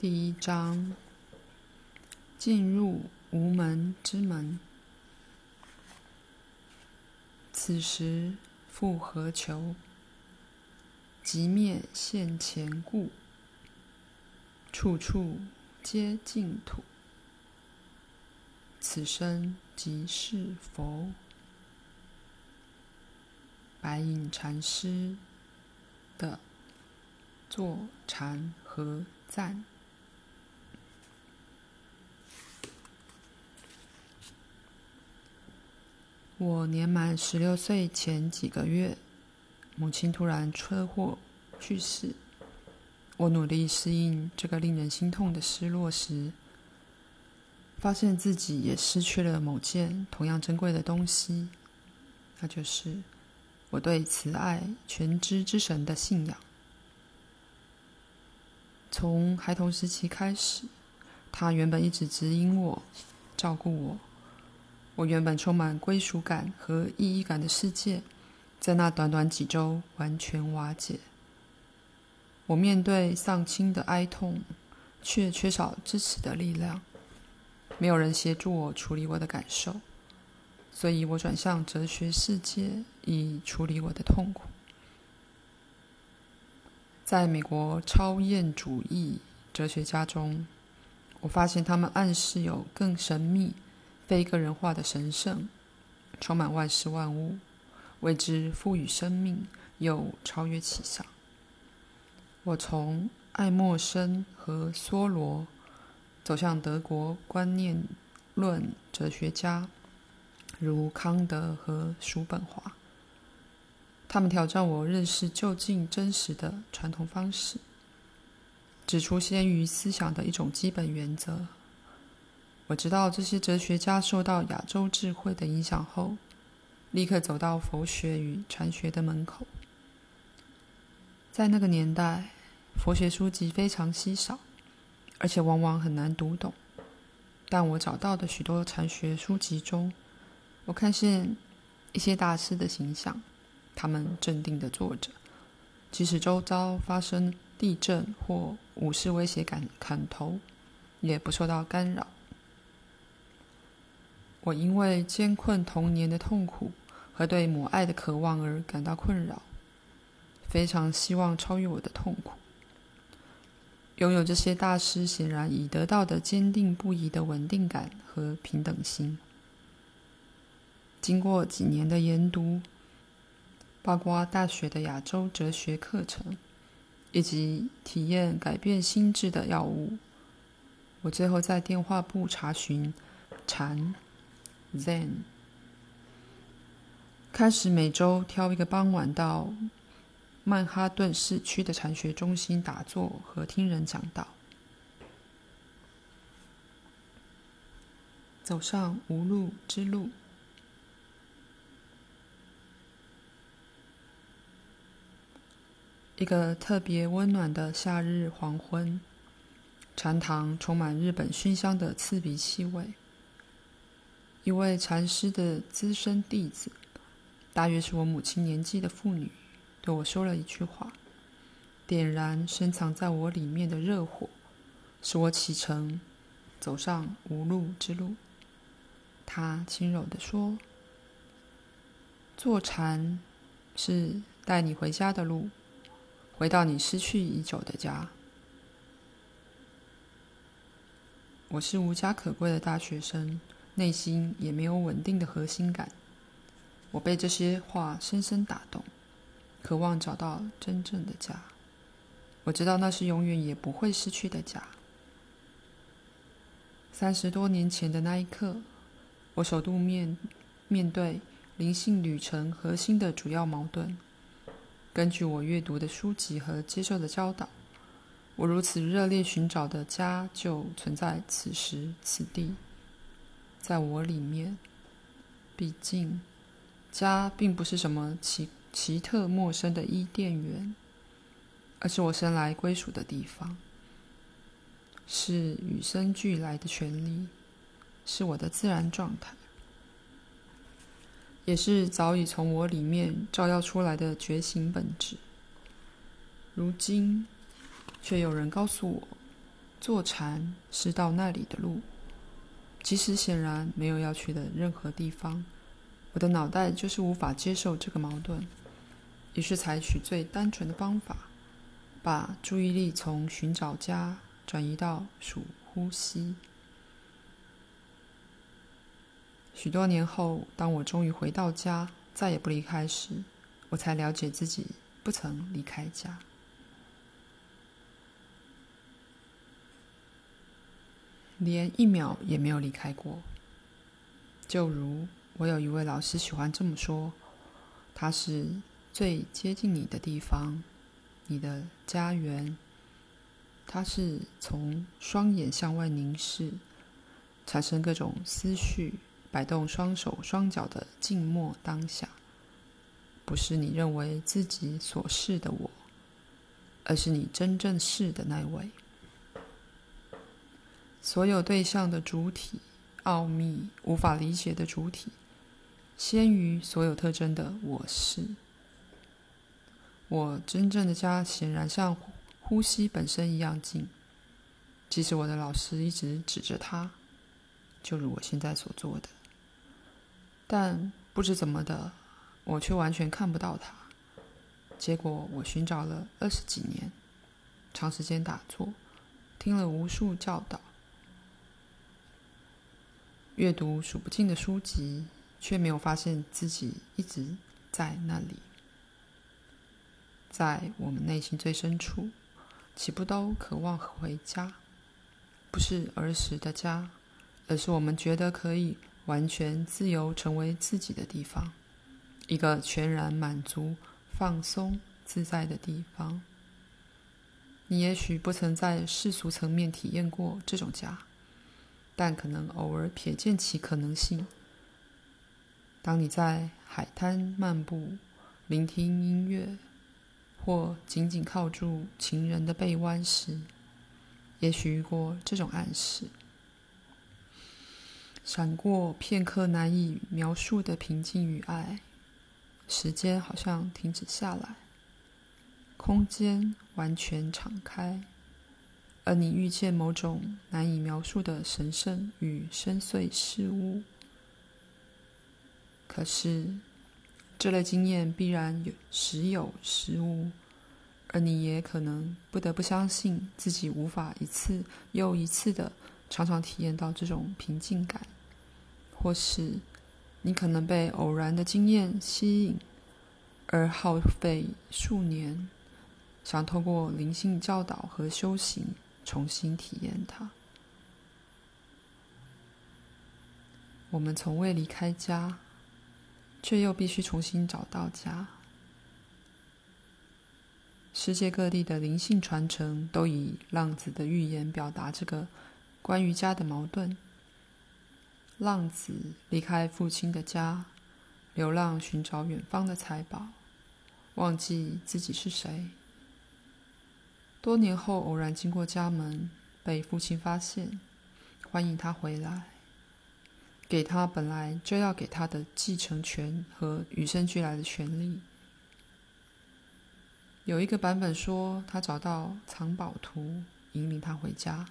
第一章：進入無門之門。此時復何求？即滅現前故。處處皆淨土。此生即是佛。白隱禪師的坐禪和讚。我年滿十六歲前幾個月，母親突然車禍去世。我努力適應這個令人心痛的失落時，發現自己也失去了某件同樣珍貴的東西，那就是我對慈愛全知之神的信仰。從孩童時期開始，他原本一直指引我、照顧我。我原本充滿歸屬感和意義感的世界，在那短短幾週完全瓦解。我面對喪親的哀痛，卻缺少支持的力量，沒有人協助我處理我的感受，所以，我轉向哲學世界以處理我的痛苦。在美國超驗主義哲學家中，我發現他們暗示有更神秘。非個人化的神聖，充滿萬事萬物，為之賦予生命，又超越其上。我從愛默生和梭羅走向德國觀念論哲學家，如康德和叔本華。他們挑戰我認識究竟真實的傳統方式，指出先於思想的一種基本原則。我知道這些哲學家受到亞洲智慧的影響後，立刻走到佛學與禪學的門口。在那個年代，佛學書籍非常稀少，而且往往很難讀懂。但我找到的許多禪學書籍中，我看見一些大師的形象，他們鎮定地坐着，即使周遭發生地震或武士威脅砍砍頭，也不受到干擾。我因為艱困童年的痛苦和對母愛的渴望而感到困擾，非常希望超越我的痛苦，擁有這些大師顯然已得到的堅定不移的穩定感和平等心。經過幾年的研讀，包括大學的亞洲哲學課程，以及體驗改變心智的藥物，我最後在電話簿查詢禪。Then，開始每周挑一個傍晚，到曼哈頓市區的禪學中心打坐和聽人講道，走上無路之路。一個特別溫暖的夏日黃昏，禪堂充滿日本熏香的刺鼻氣味。一位禪師的資深弟子，大約是我母親年紀的婦女，對我說了一句話，點燃深藏在我裡面的熱火，使我啟程，走上無路之路。他輕柔地說：“坐禪是帶你回家的路，回到你失去已久的家。”我是無家可歸的大學生。內心也沒有穩定的核心感，我被這些話深深打動，渴望找到真正的家。我知道那是永遠也不會失去的家。三十多年前的那一刻，我首度面面對靈性旅程核心的主要矛盾。根據我閱讀的書籍和接受的教導，我如此熱烈尋找的家就存在此時此地。在我裡面，畢竟，家並不是什麼奇奇特陌生的伊甸園，而是我生來歸屬的地方，是與生俱來的權利，是我的自然狀態，也是早已從我裡面照耀出來的覺醒本質。如今，卻有人告訴我，坐禪是到那裡的路。其實顯然沒有要去的任何地方，我的腦袋就是無法接受這個矛盾，於是採取最單純的方法，把注意力從尋找家轉移到數呼吸。許多年後，當我終於回到家，再也不離開時，我才了解自己不曾離開家。連一秒也沒有離開過。就如我有一位老師喜歡這麼說，他是最接近你的地方，你的家園。他是從雙眼向外凝視，產生各種思緒，擺動雙手雙腳的靜默當下，不是你認為自己所示的我，而是你真正是的那位。所有對象的主體，奧秘，無法理解的主體，先於所有特徵的我是。我真正的家顯然像呼,呼吸本身一樣近。即使我的老師一直指着他，就如我現在所做的，但不知怎麼的，我卻完全看不到他。結果我尋找了二十幾年，長時間打坐，聽了無數教導。閱讀數不盡的書籍，卻沒有發現自己一直在那裡。在我們內心最深處，豈不都渴望回家？不是兒時的家，而是我們覺得可以完全自由成為自己的地方，一個全然滿足、放鬆、自在的地方。你也許不曾在世俗層面體驗過這種家。但可能偶爾瞥見其可能性。當你在海灘漫步，聆聽音樂，或緊緊靠住情人的臂彎時，也許遇過這種暗示，閃過片刻難以描述的平靜與愛。時間好像停止下來，空間完全敞開。而你遇見某種難以描述的神聖與深邃事物，可是這類經驗必然有時有時無，而你也可能不得不相信自己無法一次又一次的常常體驗到這種平靜感，或是你可能被偶然的經驗吸引，而耗費數年，想透過靈性教導和修行。重新體驗它。我們從未離開家，卻又必須重新找到家。世界各地的靈性傳承都以浪子的寓言表達這個關於家的矛盾。浪子離開父親的家，流浪尋找遠方的財寶，忘記自己是誰。多年後，偶然經過家門，被父親發現，歡迎他回來，給他本來就要給他的繼承權和與生俱來的權利。有一個版本說，他找到藏寶圖，引領他回家，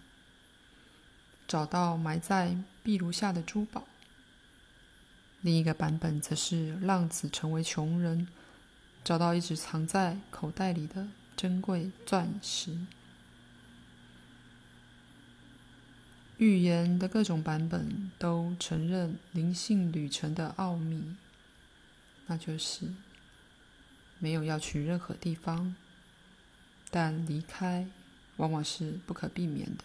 找到埋在壁爐下的珠寶。另一個版本則是浪子成為窮人，找到一直藏在口袋裡的。珍貴鑽石。寓言的各種版本都承認靈性旅程的奧秘，那就是沒有要去任何地方，但離開往往是不可避免的，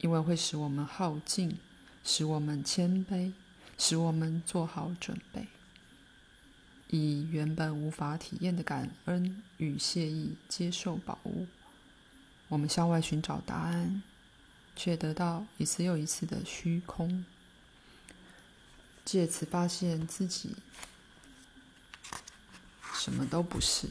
因為會使我們耗盡，使我們謙卑，使我們做好準備。以原本無法體驗的感恩與謝意接受寶物。我們向外尋找答案，卻得到一次又一次的虛空，借此發現自己什麼都不是。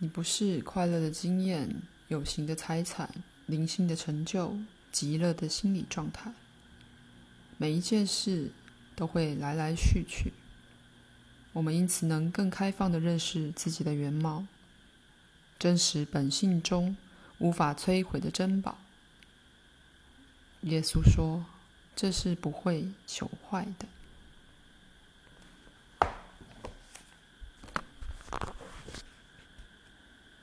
你不是快樂的經驗、有形的財產、靈性的成就，極樂的心理狀態。每一件事都會來來去去。我們因此能更開放地認識自己的原貌，真實本性中無法摧毀的珍寶。耶穌說：“這是不會朽壞的。”